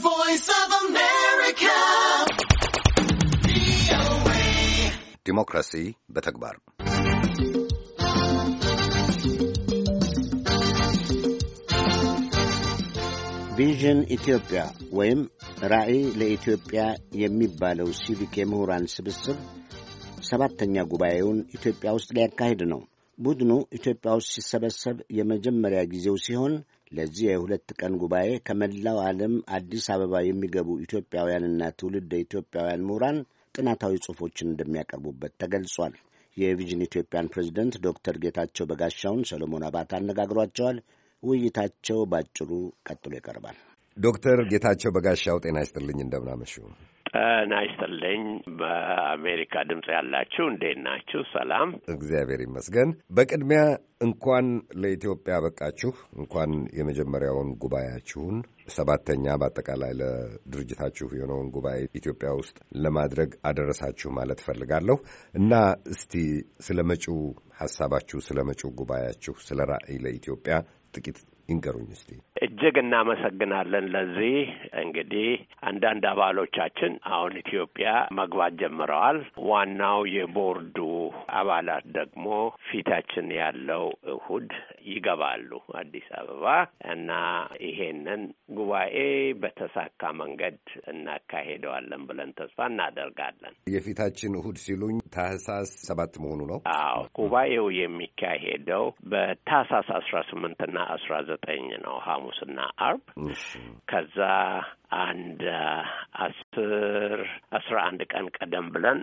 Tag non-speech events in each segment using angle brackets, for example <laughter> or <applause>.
Voice of America. ዲሞክራሲ በተግባር ቪዥን ኢትዮጵያ ወይም ራዕይ ለኢትዮጵያ የሚባለው ሲቪክ የምሁራን ስብስብ ሰባተኛ ጉባኤውን ኢትዮጵያ ውስጥ ሊያካሂድ ነው። ቡድኑ ኢትዮጵያ ውስጥ ሲሰበሰብ የመጀመሪያ ጊዜው ሲሆን ለዚህ የሁለት ቀን ጉባኤ ከመላው ዓለም አዲስ አበባ የሚገቡ ኢትዮጵያውያንና ትውልደ ኢትዮጵያውያን ምሁራን ጥናታዊ ጽሑፎችን እንደሚያቀርቡበት ተገልጿል። የቪዥን ኢትዮጵያን ፕሬዚደንት ዶክተር ጌታቸው በጋሻውን ሰለሞን አባት አነጋግሯቸዋል። ውይይታቸው ባጭሩ ቀጥሎ ይቀርባል። ዶክተር ጌታቸው በጋሻው ጤና ይስጥልኝ፣ እንደምናመሹ እና ይስጥልኝ። በአሜሪካ ድምፅ ያላችሁ እንዴት ናችሁ? ሰላም፣ እግዚአብሔር ይመስገን። በቅድሚያ እንኳን ለኢትዮጵያ በቃችሁ፣ እንኳን የመጀመሪያውን ጉባኤያችሁን ሰባተኛ በአጠቃላይ ለድርጅታችሁ የሆነውን ጉባኤ ኢትዮጵያ ውስጥ ለማድረግ አደረሳችሁ ማለት እፈልጋለሁ እና እስቲ ስለ መጪው ሀሳባችሁ፣ ስለ መጪው ጉባኤያችሁ፣ ስለ ራዕይ ለኢትዮጵያ ጥቂት ይንገሩኝ እስቲ። እጅግ እናመሰግናለን። ለዚህ እንግዲህ አንዳንድ አባሎቻችን አሁን ኢትዮጵያ መግባት ጀምረዋል። ዋናው የቦርዱ አባላት ደግሞ ፊታችን ያለው እሁድ ይገባሉ አዲስ አበባ እና ይሄንን ጉባኤ በተሳካ መንገድ እናካሄደዋለን ብለን ተስፋ እናደርጋለን። የፊታችን እሁድ ሲሉኝ ታህሳስ ሰባት መሆኑ ነው? አዎ ጉባኤው የሚካሄደው በታህሳስ አስራ ስምንትና አስራ ዘጠኝ ነው ሐሙስና አርብ ከዛ አንድ አስር አስራ አንድ ቀን ቀደም ብለን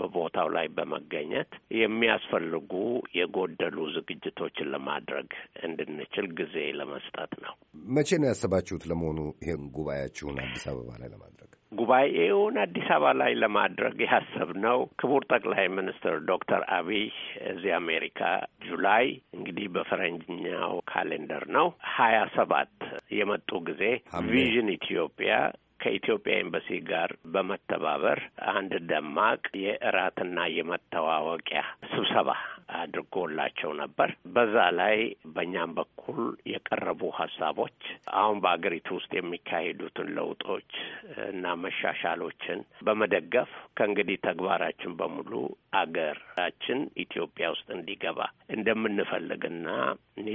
በቦታው ላይ በመገኘት የሚያስፈልጉ የጎደሉ ዝግጅቶችን ለማድረግ እንድንችል ጊዜ ለመስጠት ነው። መቼ ነው ያሰባችሁት ለመሆኑ ይህን ጉባኤያችሁን አዲስ አበባ ላይ ለማድረግ? ጉባኤውን አዲስ አበባ ላይ ለማድረግ ያሰብነው ክቡር ጠቅላይ ሚኒስትር ዶክተር አብይ እዚህ አሜሪካ ጁላይ እንግዲህ በፈረንጅኛው ካሌንደር ነው ሀያ ሰባት የመጡ ጊዜ ቪዥን ኢትዮጵያ ከኢትዮጵያ ኤምባሲ ጋር በመተባበር አንድ ደማቅ የእራትና የመተዋወቂያ ስብሰባ አድርጎላቸው ነበር። በዛ ላይ በእኛም በኩል የቀረቡ ሀሳቦች አሁን በአገሪቱ ውስጥ የሚካሄዱትን ለውጦች እና መሻሻሎችን በመደገፍ ከእንግዲህ ተግባራችን በሙሉ አገራችን ኢትዮጵያ ውስጥ እንዲገባ እንደምንፈልግና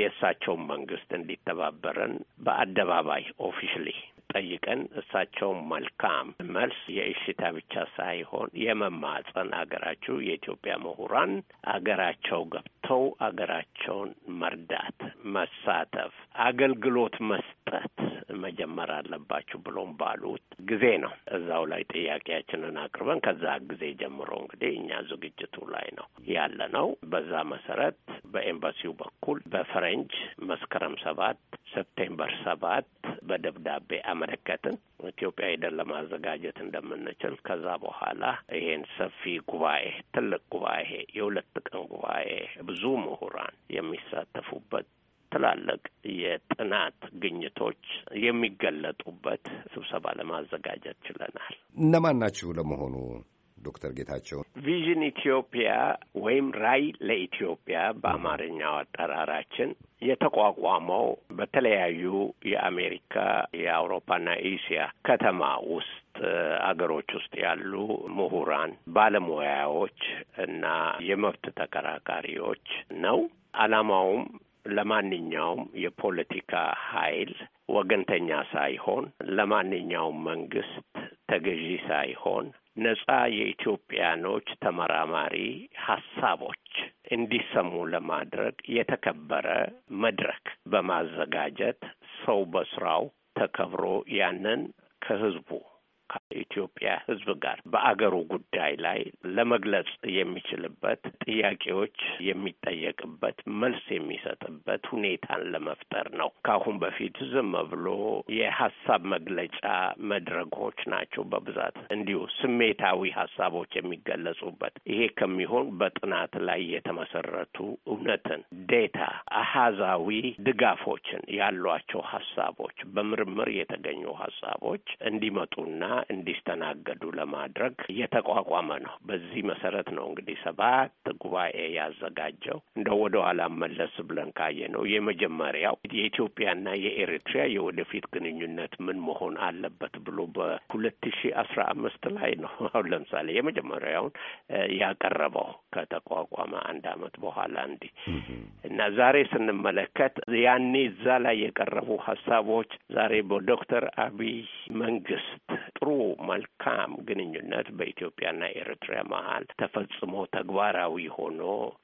የእሳቸውን መንግስት እንዲተባበረን በአደባባይ ኦፊሽሊ ጠይቀን እሳቸው መልካም መልስ የእሽታ ብቻ ሳይሆን የመማጸን አገራችሁ የኢትዮጵያ ምሁራን አገራቸው ገብተው አገራቸውን መርዳት፣ መሳተፍ፣ አገልግሎት መስጠት መጀመር አለባችሁ ብሎም ባሉት ጊዜ ነው። እዛው ላይ ጥያቄያችንን አቅርበን ከዛ ጊዜ ጀምሮ እንግዲህ እኛ ዝግጅቱ ላይ ነው ያለ ነው። በዛ መሰረት በኤምባሲው በኩል በፈረንጅ መስከረም ሰባት ሴፕቴምበር ሰባት በደብዳቤ አመለከትን ኢትዮጵያ ሄደን ለማዘጋጀት እንደምንችል። ከዛ በኋላ ይሄን ሰፊ ጉባኤ ትልቅ ጉባኤ የሁለት ቀን ጉባኤ ብዙ ምሁራን የሚሳተፉበት ትላልቅ የጥናት ግኝቶች የሚገለጡበት ስብሰባ ለማዘጋጀት ችለናል። እነማን ናችሁ ለመሆኑ? ዶክተር ጌታቸው ቪዥን ኢትዮጵያ ወይም ራይ ለኢትዮጵያ በአማርኛው አጠራራችን የተቋቋመው በተለያዩ የአሜሪካ የአውሮፓና ኤስያ ከተማ ውስጥ አገሮች ውስጥ ያሉ ምሁራን፣ ባለሙያዎች እና የመብት ተከራካሪዎች ነው። አላማውም ለማንኛውም የፖለቲካ ኃይል ወገንተኛ ሳይሆን ለማንኛውም መንግስት ተገዢ ሳይሆን ነጻ የኢትዮጵያኖች ተመራማሪ ሀሳቦች እንዲሰሙ ለማድረግ የተከበረ መድረክ በማዘጋጀት ሰው በስራው ተከብሮ ያንን ከህዝቡ ኢትዮጵያ ሕዝብ ጋር በአገሩ ጉዳይ ላይ ለመግለጽ የሚችልበት ጥያቄዎች የሚጠየቅበት መልስ የሚሰጥበት ሁኔታን ለመፍጠር ነው። ከአሁን በፊት ዝም ብሎ የሀሳብ መግለጫ መድረኮች ናቸው በብዛት እንዲሁ ስሜታዊ ሀሳቦች የሚገለጹበት። ይሄ ከሚሆን በጥናት ላይ የተመሰረቱ እውነትን፣ ዴታ፣ አሃዛዊ ድጋፎችን ያሏቸው ሀሳቦች በምርምር የተገኙ ሀሳቦች እንዲመጡና እንዲስተናገዱ ለማድረግ እየተቋቋመ ነው። በዚህ መሰረት ነው እንግዲህ ሰባት ጉባኤ ያዘጋጀው። እንደ ወደ ኋላ መለስ ብለን ካየ ነው የመጀመሪያው የኢትዮጵያና የኤሪትሪያ የወደፊት ግንኙነት ምን መሆን አለበት ብሎ በሁለት ሺ አስራ አምስት ላይ ነው <laughs> አሁን ለምሳሌ የመጀመሪያውን ያቀረበው ከተቋቋመ አንድ አመት በኋላ እንዲህ እና ዛሬ ስንመለከት ያኔ እዛ ላይ የቀረቡ ሀሳቦች ዛሬ በዶክተር አብይ መንግስት ጥሩ መልካም ግንኙነት በኢትዮጵያና ኤርትራ መሀል ተፈጽሞ ተግባራዊ ሆኖ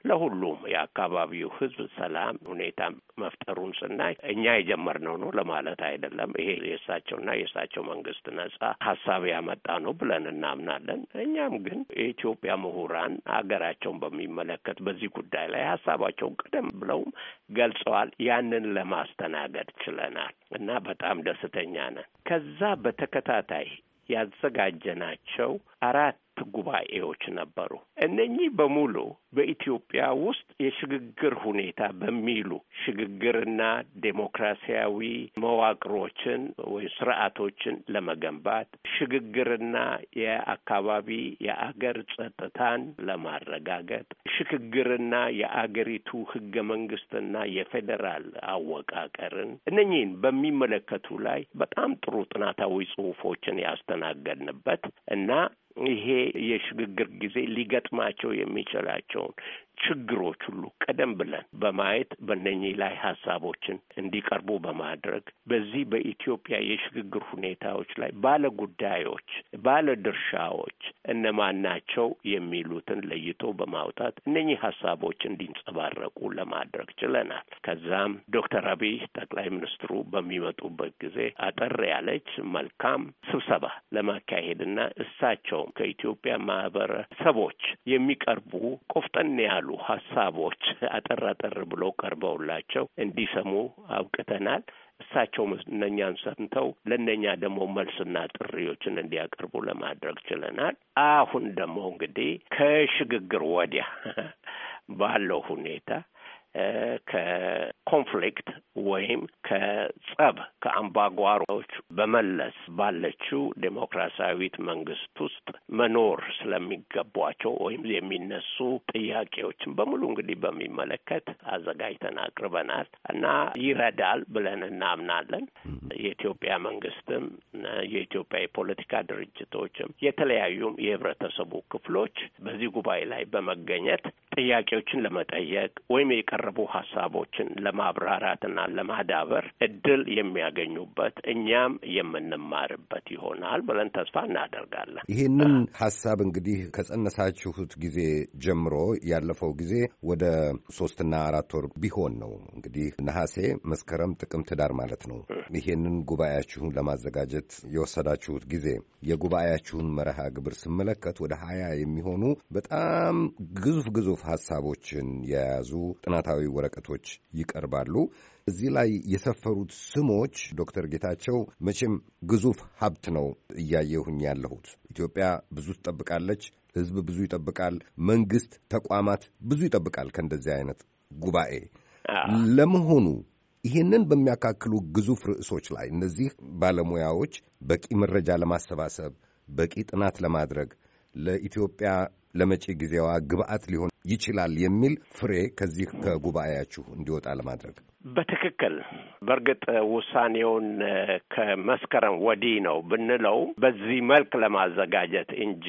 ለሁሉም የአካባቢው ሕዝብ ሰላም ሁኔታ መፍጠሩን ስናይ እኛ የጀመርነው ነው ለማለት አይደለም። ይሄ የእሳቸውና የእሳቸው መንግስት ነጻ ሀሳብ ያመጣ ነው ብለን እናምናለን። እኛም ግን የኢትዮጵያ ምሁራን ሀገራቸውን በሚመለከት በዚህ ጉዳይ ላይ ሀሳባቸውን ቀደም ብለውም ገልጸዋል። ያንን ለማስተናገድ ችለናል እና በጣም ደስተኛ ነን። ከዛ በተከታታይ ያዘጋጀናቸው አራት ጉባኤዎች ነበሩ። እነኚህ በሙሉ በኢትዮጵያ ውስጥ የሽግግር ሁኔታ በሚሉ ሽግግርና ዴሞክራሲያዊ መዋቅሮችን ወይ ስርዓቶችን ለመገንባት ሽግግርና የአካባቢ የአገር ጸጥታን ለማረጋገጥ ሽግግርና የአገሪቱ ህገ መንግስትና የፌዴራል አወቃቀርን እነኚህን በሚመለከቱ ላይ በጣም ጥሩ ጥናታዊ ጽሁፎችን ያስተናገድንበት እና ይሄ የሽግግር ጊዜ ሊገጥማቸው የሚችላቸውን ችግሮች ሁሉ ቀደም ብለን በማየት በነኚህ ላይ ሀሳቦችን እንዲቀርቡ በማድረግ በዚህ በኢትዮጵያ የሽግግር ሁኔታዎች ላይ ባለ ጉዳዮች፣ ባለ ድርሻዎች እነማን ናቸው የሚሉትን ለይቶ በማውጣት እነኚህ ሀሳቦች እንዲንጸባረቁ ለማድረግ ችለናል። ከዛም ዶክተር አብይ ጠቅላይ ሚኒስትሩ በሚመጡበት ጊዜ አጠር ያለች መልካም ስብሰባ ለማካሄድና እሳቸውም ከኢትዮጵያ ማህበረሰቦች የሚቀርቡ ቆፍጠን ያሉ የሚባሉ ሀሳቦች አጠር አጠር ብለው ቀርበውላቸው እንዲሰሙ አብቅተናል። እሳቸው እነኛን ሰምተው ለእነኛ ደግሞ መልስና ጥሪዎችን እንዲያቀርቡ ለማድረግ ችለናል። አሁን ደግሞ እንግዲህ ከሽግግር ወዲያ ባለው ሁኔታ ከኮንፍሊክት ወይም ከጸብ ከአምባጓሮች በመለስ ባለችው ዴሞክራሲያዊት መንግስት ውስጥ መኖር ስለሚገቧቸው ወይም የሚነሱ ጥያቄዎችን በሙሉ እንግዲህ በሚመለከት አዘጋጅተን አቅርበናል እና ይረዳል ብለን እናምናለን። የኢትዮጵያ መንግስትም የኢትዮጵያ የፖለቲካ ድርጅቶችም የተለያዩም የህብረተሰቡ ክፍሎች በዚህ ጉባኤ ላይ በመገኘት ጥያቄዎችን ለመጠየቅ ወይም የቀረ የቀረቡ ሀሳቦችን ለማብራራትና ለማዳበር እድል የሚያገኙበት እኛም የምንማርበት ይሆናል ብለን ተስፋ እናደርጋለን። ይህንን ሀሳብ እንግዲህ ከጸነሳችሁት ጊዜ ጀምሮ ያለፈው ጊዜ ወደ ሶስትና አራት ወር ቢሆን ነው እንግዲህ ነሐሴ፣ መስከረም፣ ጥቅምት፣ ህዳር ማለት ነው። ይህንን ጉባኤያችሁን ለማዘጋጀት የወሰዳችሁት ጊዜ የጉባኤያችሁን መርሃ ግብር ስመለከት ወደ ሀያ የሚሆኑ በጣም ግዙፍ ግዙፍ ሀሳቦችን የያዙ ጥናታ ጥናታዊ ወረቀቶች ይቀርባሉ። እዚህ ላይ የሰፈሩት ስሞች ዶክተር ጌታቸው መቼም ግዙፍ ሀብት ነው እያየሁኝ ያለሁት። ኢትዮጵያ ብዙ ትጠብቃለች፣ ህዝብ ብዙ ይጠብቃል፣ መንግስት፣ ተቋማት ብዙ ይጠብቃል ከእንደዚህ አይነት ጉባኤ። ለመሆኑ ይህንን በሚያካክሉ ግዙፍ ርዕሶች ላይ እነዚህ ባለሙያዎች በቂ መረጃ ለማሰባሰብ በቂ ጥናት ለማድረግ ለኢትዮጵያ ለመጪ ጊዜዋ ግብአት ሊሆን ይችላል የሚል ፍሬ ከዚህ ከጉባኤያችሁ እንዲወጣ ለማድረግ በትክክል በእርግጥ ውሳኔውን ከመስከረም ወዲህ ነው ብንለው በዚህ መልክ ለማዘጋጀት እንጂ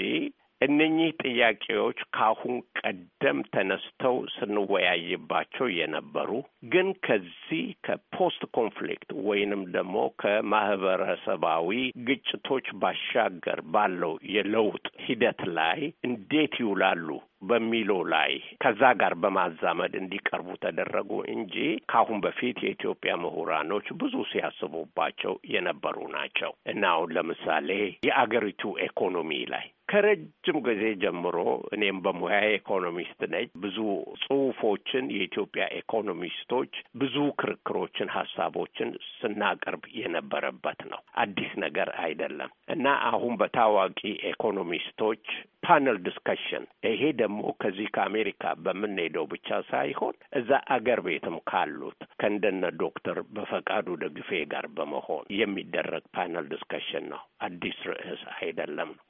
እነኚህ ጥያቄዎች ካሁን ቀደም ተነስተው ስንወያይባቸው የነበሩ ግን ከዚህ ከፖስት ኮንፍሊክት ወይንም ደግሞ ከማህበረሰባዊ ግጭቶች ባሻገር ባለው የለውጥ ሂደት ላይ እንዴት ይውላሉ በሚለው ላይ ከዛ ጋር በማዛመድ እንዲቀርቡ ተደረጉ እንጂ ከአሁን በፊት የኢትዮጵያ ምሁራኖች ብዙ ሲያስቡባቸው የነበሩ ናቸው እና አሁን ለምሳሌ የአገሪቱ ኢኮኖሚ ላይ ከረጅም ጊዜ ጀምሮ እኔም በሙያ ኢኮኖሚስት ነኝ። ብዙ ጽሁፎችን የኢትዮጵያ ኢኮኖሚስቶች ብዙ ክርክሮችን፣ ሀሳቦችን ስናቀርብ የነበረበት ነው። አዲስ ነገር አይደለም እና አሁን በታዋቂ ኢኮኖሚስቶች ፓነል ዲስከሽን ይሄ ደግሞ ደግሞ ከዚህ ከአሜሪካ በምንሄደው ብቻ ሳይሆን እዛ አገር ቤትም ካሉት ከእንደነ ዶክተር በፈቃዱ ደግፌ ጋር በመሆን የሚደረግ ፓነል ዲስከሽን ነው። አዲስ ርዕስ አይደለም ነው።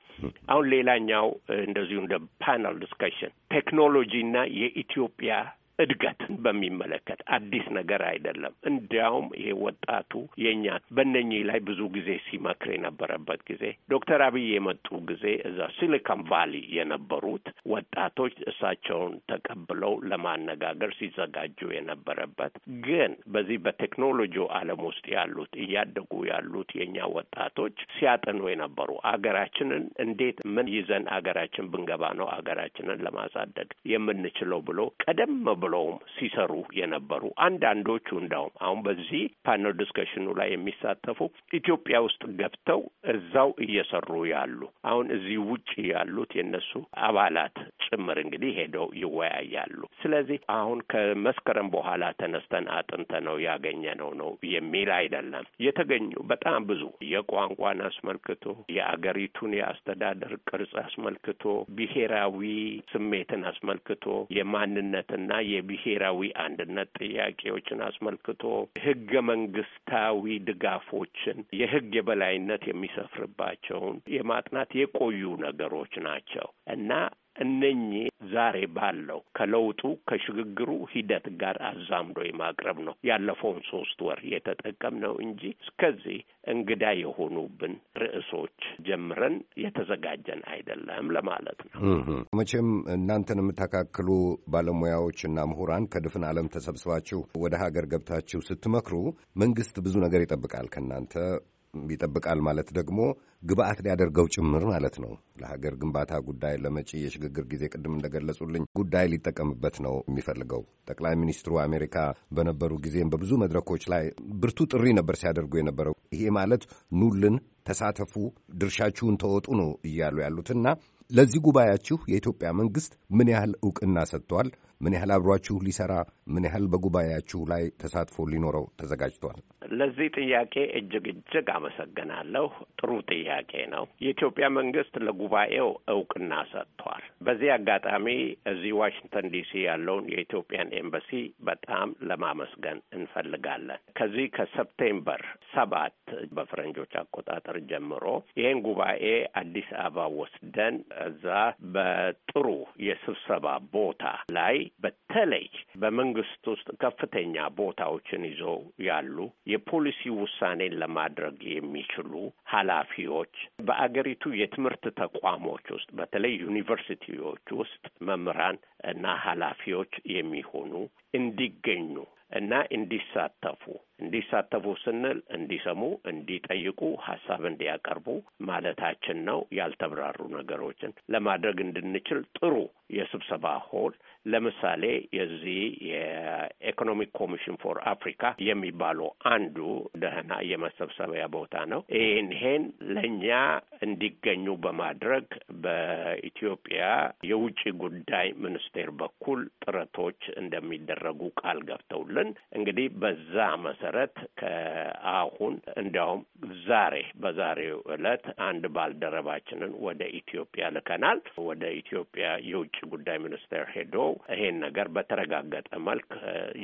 አሁን ሌላኛው እንደዚሁ እንደ ፓነል ዲስከሽን ቴክኖሎጂና የኢትዮጵያ እድገትን በሚመለከት አዲስ ነገር አይደለም። እንዲያውም ይሄ ወጣቱ የእኛ በእነኚህ ላይ ብዙ ጊዜ ሲመክር የነበረበት ጊዜ ዶክተር አብይ የመጡ ጊዜ እዛ ሲሊካን ቫሊ የነበሩት ወጣቶች እሳቸውን ተቀብለው ለማነጋገር ሲዘጋጁ የነበረበት ግን በዚህ በቴክኖሎጂ ዓለም ውስጥ ያሉት እያደጉ ያሉት የእኛ ወጣቶች ሲያጠኑ የነበሩ አገራችንን እንዴት ምን ይዘን አገራችን ብንገባ ነው አገራችንን ለማሳደግ የምንችለው ብሎ ቀደም ብለውም ሲሰሩ የነበሩ አንዳንዶቹ እንዳውም አሁን በዚህ ፓነል ዲስከሽኑ ላይ የሚሳተፉ ኢትዮጵያ ውስጥ ገብተው እዛው እየሰሩ ያሉ አሁን እዚህ ውጭ ያሉት የነሱ አባላት ጭምር እንግዲህ ሄደው ይወያያሉ። ስለዚህ አሁን ከመስከረም በኋላ ተነስተን አጥንተ ነው ነው ነው የሚል አይደለም። የተገኙ በጣም ብዙ የቋንቋን አስመልክቶ የአገሪቱን የአስተዳደር ቅርጽ አስመልክቶ ብሔራዊ ስሜትን አስመልክቶ የማንነትና የብሔራዊ አንድነት ጥያቄዎችን አስመልክቶ ህገ መንግስታዊ ድጋፎችን፣ የህግ የበላይነት የሚሰፍርባቸውን የማጥናት የቆዩ ነገሮች ናቸው እና እነኚህ ዛሬ ባለው ከለውጡ ከሽግግሩ ሂደት ጋር አዛምዶ የማቅረብ ነው። ያለፈውን ሶስት ወር የተጠቀምነው እንጂ እስከዚህ እንግዳ የሆኑብን ርዕሶች ጀምረን የተዘጋጀን አይደለም ለማለት ነው። መቼም እናንተን የምታካክሉ ባለሙያዎች እና ምሁራን ከድፍን ዓለም ተሰብስባችሁ ወደ ሀገር ገብታችሁ ስትመክሩ መንግስት ብዙ ነገር ይጠብቃል ከእናንተ ይጠብቃል ማለት ደግሞ ግብአት ሊያደርገው ጭምር ማለት ነው። ለሀገር ግንባታ ጉዳይ፣ ለመጪ የሽግግር ጊዜ ቅድም እንደገለጹልኝ ጉዳይ ሊጠቀምበት ነው የሚፈልገው። ጠቅላይ ሚኒስትሩ አሜሪካ በነበሩ ጊዜም በብዙ መድረኮች ላይ ብርቱ ጥሪ ነበር ሲያደርጉ የነበረው። ይሄ ማለት ኑልን፣ ተሳተፉ፣ ድርሻችሁን ተወጡ ነው እያሉ ያሉትና ለዚህ ጉባኤያችሁ የኢትዮጵያ መንግስት ምን ያህል እውቅና ሰጥቷል? ምን ያህል አብሯችሁ ሊሰራ ምን ያህል በጉባኤያችሁ ላይ ተሳትፎ ሊኖረው ተዘጋጅቷል? ለዚህ ጥያቄ እጅግ እጅግ አመሰግናለሁ። ጥሩ ጥያቄ ነው። የኢትዮጵያ መንግስት ለጉባኤው እውቅና ሰጥቷል። በዚህ አጋጣሚ እዚህ ዋሽንግተን ዲሲ ያለውን የኢትዮጵያን ኤምባሲ በጣም ለማመስገን እንፈልጋለን። ከዚህ ከሰፕቴምበር ሰባት በፈረንጆች አቆጣጠር ጀምሮ ይህን ጉባኤ አዲስ አበባ ወስደን እዛ በጥሩ የስብሰባ ቦታ ላይ በተለይ በመንግስት ውስጥ ከፍተኛ ቦታዎችን ይዞ ያሉ የፖሊሲ ውሳኔን ለማድረግ የሚችሉ ኃላፊዎች በአገሪቱ የትምህርት ተቋሞች ውስጥ በተለይ ዩኒቨርሲቲዎች ውስጥ መምህራን እና ኃላፊዎች የሚሆኑ እንዲገኙ እና እንዲሳተፉ እንዲሳተፉ ስንል እንዲሰሙ፣ እንዲጠይቁ፣ ሀሳብ እንዲያቀርቡ ማለታችን ነው። ያልተብራሩ ነገሮችን ለማድረግ እንድንችል ጥሩ የስብሰባ ሆል ለምሳሌ የዚህ የኢኮኖሚክ ኮሚሽን ፎር አፍሪካ የሚባለው አንዱ ደህና የመሰብሰቢያ ቦታ ነው። ይህንሄን ለእኛ እንዲገኙ በማድረግ በኢትዮጵያ የውጭ ጉዳይ ሚኒስቴር በኩል ጥረቶች እንደሚደረጉ ቃል ገብተውልን ጀመርን። እንግዲህ በዛ መሰረት ከአሁን እንዲያውም ዛሬ በዛሬው ዕለት አንድ ባልደረባችንን ወደ ኢትዮጵያ ልከናል። ወደ ኢትዮጵያ የውጭ ጉዳይ ሚኒስቴር ሄዶ ይሄን ነገር በተረጋገጠ መልክ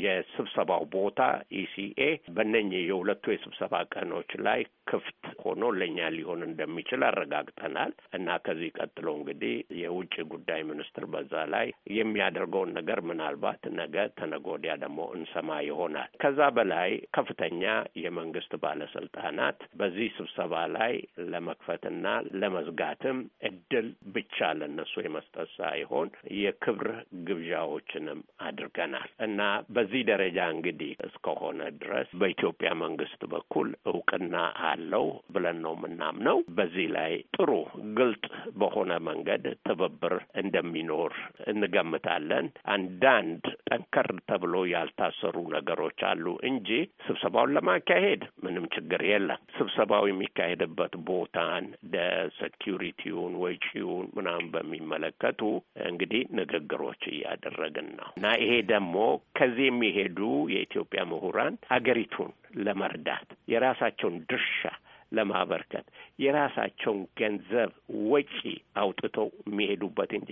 የስብሰባው ቦታ ኢሲኤ በእነኝህ የሁለቱ የስብሰባ ቀኖች ላይ ክፍት ሆኖ ለእኛ ሊሆን እንደሚችል አረጋግጠናል እና ከዚህ ቀጥሎ እንግዲህ የውጭ ጉዳይ ሚኒስትር በዛ ላይ የሚያደርገውን ነገር ምናልባት ነገ ተነገ ወዲያ ደግሞ እንሰማ ዓላማ ይሆናል። ከዛ በላይ ከፍተኛ የመንግስት ባለስልጣናት በዚህ ስብሰባ ላይ ለመክፈትና ለመዝጋትም እድል ብቻ ለነሱ የመስጠት ሳይሆን የክብር ግብዣዎችንም አድርገናል እና በዚህ ደረጃ እንግዲህ እስከሆነ ድረስ በኢትዮጵያ መንግስት በኩል እውቅና አለው ብለን ነው የምናምነው። በዚህ ላይ ጥሩ ግልጥ በሆነ መንገድ ትብብር እንደሚኖር እንገምታለን። አንዳንድ ጠንከር ተብሎ ያልታሰ የሚሰሩ ነገሮች አሉ እንጂ ስብሰባውን ለማካሄድ ምንም ችግር የለም። ስብሰባው የሚካሄድበት ቦታን ለሴኪሪቲውን፣ ወጪውን ምናምን በሚመለከቱ እንግዲህ ንግግሮች እያደረግን ነው እና ይሄ ደግሞ ከዚህ የሚሄዱ የኢትዮጵያ ምሁራን ሀገሪቱን ለመርዳት የራሳቸውን ድርሻ ለማበርከት የራሳቸውን ገንዘብ ወጪ አውጥተው የሚሄዱበት እንጂ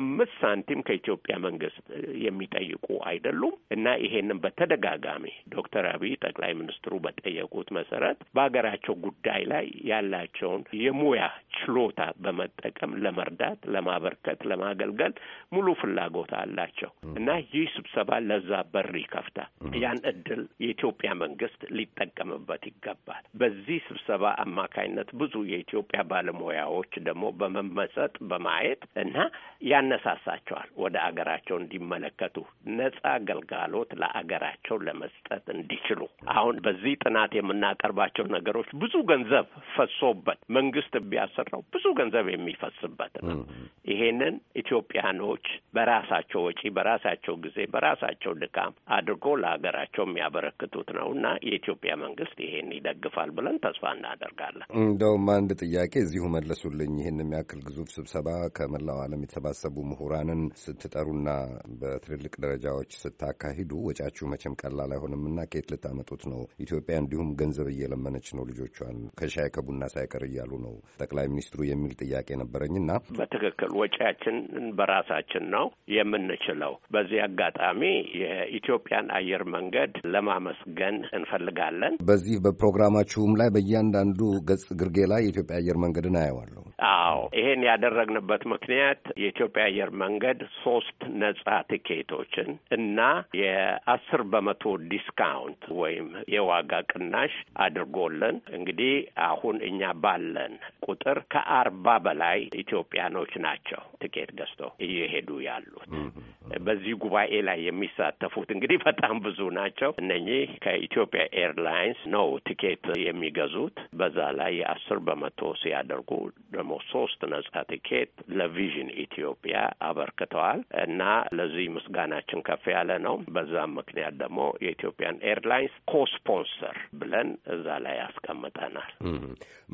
አምስት ሳንቲም ከኢትዮጵያ መንግስት የሚጠይቁ አይደሉም እና ይሄንን በተደጋጋሚ ዶክተር አብይ ጠቅላይ ሚኒስትሩ በጠየቁት መሰረት በሀገራቸው ጉዳይ ላይ ያላቸውን የሙያ ችሎታ በመጠቀም ለመርዳት፣ ለማበርከት፣ ለማገልገል ሙሉ ፍላጎት አላቸው እና ይህ ስብሰባ ለዛ በር ይከፍታል። ያን እድል የኢትዮጵያ መንግስት ሊጠቀምበት ይገባል። በዚህ ስብሰባ አማካይነት ብዙ የኢትዮጵያ ባለሙያዎች ደግሞ በመመሰጥ በማየት እና ያነሳሳቸዋል ወደ አገራቸው እንዲመለከቱ ነጻ አገልጋሎት ለአገራቸው ለመስጠት እንዲችሉ አሁን በዚህ ጥናት የምናቀርባቸው ነገሮች ብዙ ገንዘብ ፈሶበት መንግስት ቢያሰ ነው። ብዙ ገንዘብ የሚፈስበት ነው። ይሄንን ኢትዮጵያኖች በራሳቸው ወጪ፣ በራሳቸው ጊዜ፣ በራሳቸው ድካም አድርጎ ለሀገራቸው የሚያበረክቱት ነው እና የኢትዮጵያ መንግስት ይሄን ይደግፋል ብለን ተስፋ እናደርጋለን። እንደውም አንድ ጥያቄ እዚሁ መለሱልኝ። ይህን የሚያክል ግዙፍ ስብሰባ ከመላው ዓለም የተሰባሰቡ ምሁራንን ስትጠሩና በትልልቅ ደረጃዎች ስታካሂዱ ወጪያችሁ መቼም ቀላል አይሆንም እና ከየት ልታመጡት ነው? ኢትዮጵያ እንዲሁም ገንዘብ እየለመነች ነው ልጆቿን ከሻይ ከቡና ሳይቀር እያሉ ነው ጠቅላይ ሚኒስትሩ የሚል ጥያቄ ነበረኝና በትክክል ወጪያችን በራሳችን ነው የምንችለው። በዚህ አጋጣሚ የኢትዮጵያን አየር መንገድ ለማመስገን እንፈልጋለን። በዚህ በፕሮግራማችሁም ላይ በእያንዳንዱ ገጽ ግርጌ ላይ የኢትዮጵያ አየር መንገድን አየዋለሁ አዎ ይሄን ያደረግንበት ምክንያት የኢትዮጵያ አየር መንገድ ሶስት ነጻ ቲኬቶችን እና የአስር በመቶ ዲስካውንት ወይም የዋጋ ቅናሽ አድርጎልን እንግዲህ አሁን እኛ ባለን ቁጥር ከአርባ በላይ ኢትዮጵያኖች ናቸው ትኬት ገዝተው እየሄዱ ያሉት። በዚህ ጉባኤ ላይ የሚሳተፉት እንግዲህ በጣም ብዙ ናቸው። እነኚህ ከኢትዮጵያ ኤርላይንስ ነው ትኬት የሚገዙት። በዛ ላይ የአስር በመቶ ሲያደርጉ ደግሞ ደግሞ ሶስት ነጻ ቲኬት ለቪዥን ኢትዮጵያ አበርክተዋል እና ለዚህ ምስጋናችን ከፍ ያለ ነው። በዛም ምክንያት ደግሞ የኢትዮጵያን ኤርላይንስ ኮስፖንሰር ብለን እዛ ላይ ያስቀምጠናል።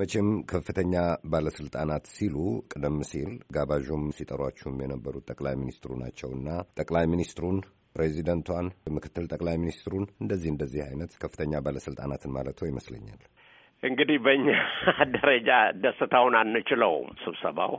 መቼም ከፍተኛ ባለስልጣናት ሲሉ ቀደም ሲል ጋባዡም ሲጠሯችሁም የነበሩት ጠቅላይ ሚኒስትሩ ናቸውና ጠቅላይ ሚኒስትሩን ፕሬዚደንቷን ምክትል ጠቅላይ ሚኒስትሩን እንደዚህ እንደዚህ አይነት ከፍተኛ ባለስልጣናትን ማለት ይመስለኛል። እንግዲህ በእኛ <laughs> ደረጃ ደስታውን አንችለውም። ስብሰባው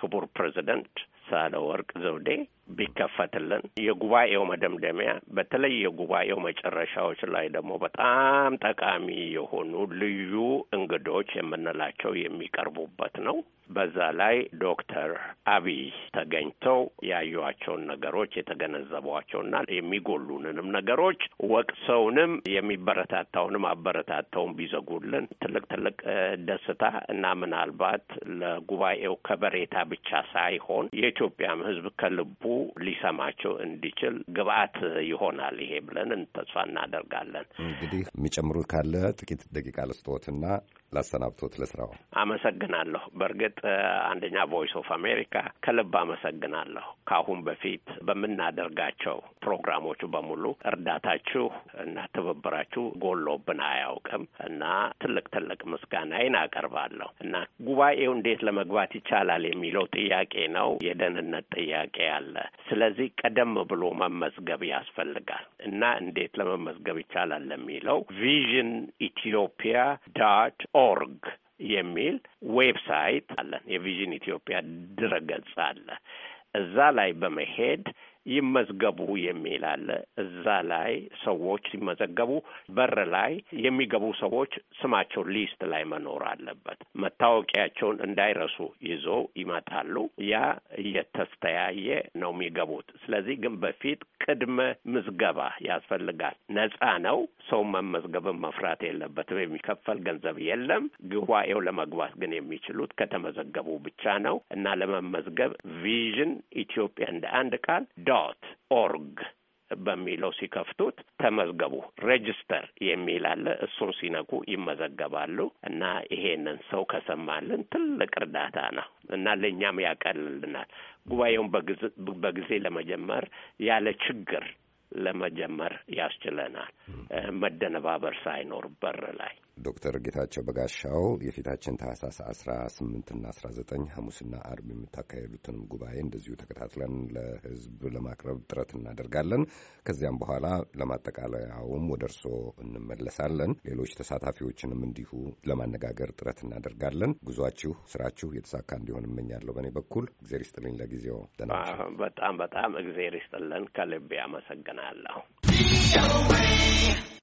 ክቡር ፕሬዚደንት ሳለ ወርቅ ዘውዴ ቢከፈትልን የጉባኤው መደምደሚያ በተለይ የጉባኤው መጨረሻዎች ላይ ደግሞ በጣም ጠቃሚ የሆኑ ልዩ እንግዶች የምንላቸው የሚቀርቡበት ነው። በዛ ላይ ዶክተር አብይ ተገኝተው ያዩዋቸውን ነገሮች የተገነዘቧቸውና የሚጎሉንንም ነገሮች ወቅሰውንም የሚበረታታውንም አበረታተውን ቢዘጉልን ትልቅ ትልቅ ደስታ እና ምናልባት ለጉባኤው ከበሬታ ብቻ ሳይሆን የኢትዮጵያም ሕዝብ ከልቡ ሊሰማቸው እንዲችል ግብአት ይሆናል ይሄ ብለን ተስፋ እናደርጋለን። እንግዲህ የሚጨምሩት ካለ ጥቂት ደቂቃ ልስጥዎትና ላሰናብቶት ለስራው አመሰግናለሁ። በእርግጥ አንደኛ ቮይስ ኦፍ አሜሪካ ከልብ አመሰግናለሁ። ከአሁን በፊት በምናደርጋቸው ፕሮግራሞቹ በሙሉ እርዳታችሁ እና ትብብራችሁ ጎሎብን አያውቅም እና ትልቅ ትልቅ ምስጋናዬን አቀርባለሁ እና ጉባኤው እንዴት ለመግባት ይቻላል የሚለው ጥያቄ ነው፣ የደህንነት ጥያቄ አለ። ስለዚህ ቀደም ብሎ መመዝገብ ያስፈልጋል እና እንዴት ለመመዝገብ ይቻላል ለሚለው ቪዥን ኢትዮጵያ ዳት ኦርግ የሚል ዌብሳይት አለን። የቪዥን ኢትዮጵያ ድረገጽ አለ። እዛ ላይ በመሄድ ይመዝገቡ የሚል አለ። እዛ ላይ ሰዎች ሲመዘገቡ በር ላይ የሚገቡ ሰዎች ስማቸው ሊስት ላይ መኖር አለበት። መታወቂያቸውን እንዳይረሱ ይዘው ይመጣሉ። ያ እየተስተያየ ነው የሚገቡት። ስለዚህ ግን በፊት ቅድመ ምዝገባ ያስፈልጋል። ነጻ ነው። ሰው መመዝገብን መፍራት የለበትም። የሚከፈል ገንዘብ የለም። ጉባኤው ለመግባት ግን የሚችሉት ከተመዘገቡ ብቻ ነው እና ለመመዝገብ ቪዥን ኢትዮጵያ እንደ አንድ ቃል ዶት ኦርግ በሚለው ሲከፍቱት ተመዝገቡ ሬጅስተር የሚል አለ። እሱን ሲነኩ ይመዘገባሉ እና ይሄንን ሰው ከሰማልን ትልቅ እርዳታ ነው እና ለእኛም ያቀልልናል። ጉባኤውን በጊዜ ለመጀመር ያለ ችግር ለመጀመር ያስችለናል። መደነባበር ሳይኖር በር ላይ ዶክተር ጌታቸው በጋሻው የፊታችን ታህሳስ 18ና 19 ሐሙስና አርብ የምታካሄዱትንም ጉባኤ እንደዚሁ ተከታትለን ለሕዝብ ለማቅረብ ጥረት እናደርጋለን። ከዚያም በኋላ ለማጠቃለያውም ወደ እርስዎ እንመለሳለን። ሌሎች ተሳታፊዎችንም እንዲሁ ለማነጋገር ጥረት እናደርጋለን። ጉዟችሁ፣ ስራችሁ የተሳካ እንዲሆን እመኛለሁ። በእኔ በኩል እግዜር ይስጥልኝ። ለጊዜው በጣም በጣም እግዜር ይስጥልን። ከልቤ አመሰግናለሁ።